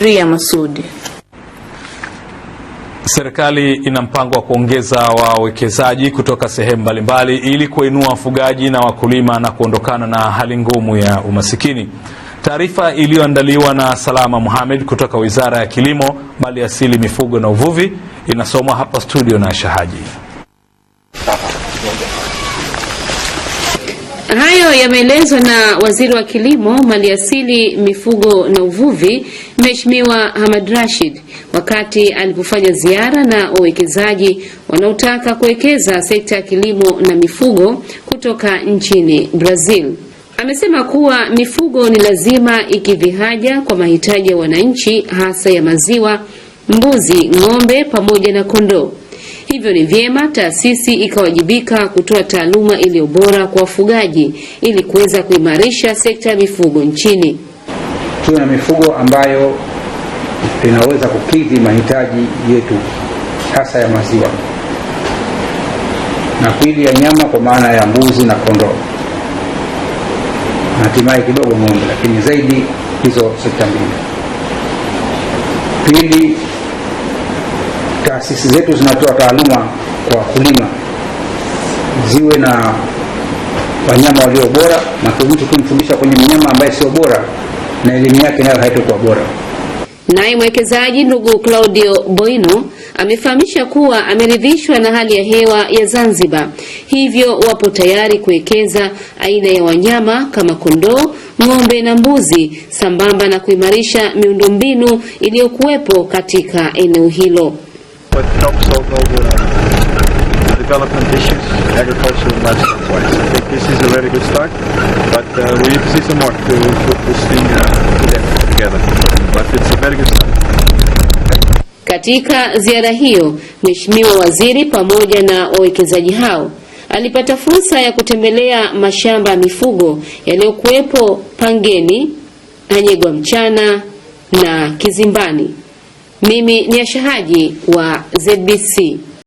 Ria Masudi. Serikali ina mpango wa kuongeza wawekezaji kutoka sehemu mbalimbali ili kuinua wafugaji na wakulima na kuondokana na hali ngumu ya umasikini. Taarifa iliyoandaliwa na Salama muhamed kutoka Wizara ya Kilimo, Maliasili, Mifugo na Uvuvi inasomwa hapa studio na Shahaji. Hayo yameelezwa na Waziri wa Kilimo, Maliasili, Mifugo na Uvuvi, Mheshimiwa Hamad Rashid wakati alipofanya ziara na wawekezaji wanaotaka kuwekeza sekta ya kilimo na mifugo kutoka nchini Brazil. Amesema kuwa mifugo ni lazima ikidhi haja kwa mahitaji ya wananchi hasa ya maziwa, mbuzi, ng'ombe pamoja na kondoo. Hivyo ni vyema taasisi ikawajibika kutoa taaluma iliyo bora kwa wafugaji ili kuweza kuimarisha sekta ya mifugo nchini. Tuwe na mifugo ambayo inaweza kukidhi mahitaji yetu hasa ya maziwa na pili ya nyama kwa maana ya mbuzi na kondoo na hatimaye kidogo ng'ombe, lakini zaidi hizo sekta mbili. Pili taasisi zetu zinatoa taaluma kwa wakulima, ziwe na wanyama walio bora, na mtu kumfundisha kwenye mnyama ambaye sio bora, na elimu yake nayo haitokuwa bora. Naye mwekezaji ndugu Claudio Boino amefahamisha kuwa ameridhishwa na hali ya hewa ya Zanzibar, hivyo wapo tayari kuwekeza aina ya wanyama kama kondoo, ng'ombe na mbuzi, sambamba na kuimarisha miundombinu iliyokuwepo katika eneo hilo with topsoil mold development issues, agriculture and livestock wise. I think this is a very good start, but uh, we need to see some more to put this thing uh, together. But it's a very good start. Katika ziara hiyo, Mheshimiwa Waziri pamoja na wawekezaji hao alipata fursa ya kutembelea mashamba ya mifugo yaliyokuwepo Pangeni, Anyegwa mchana na Kizimbani. Mimi ni ashahaji wa ZBC.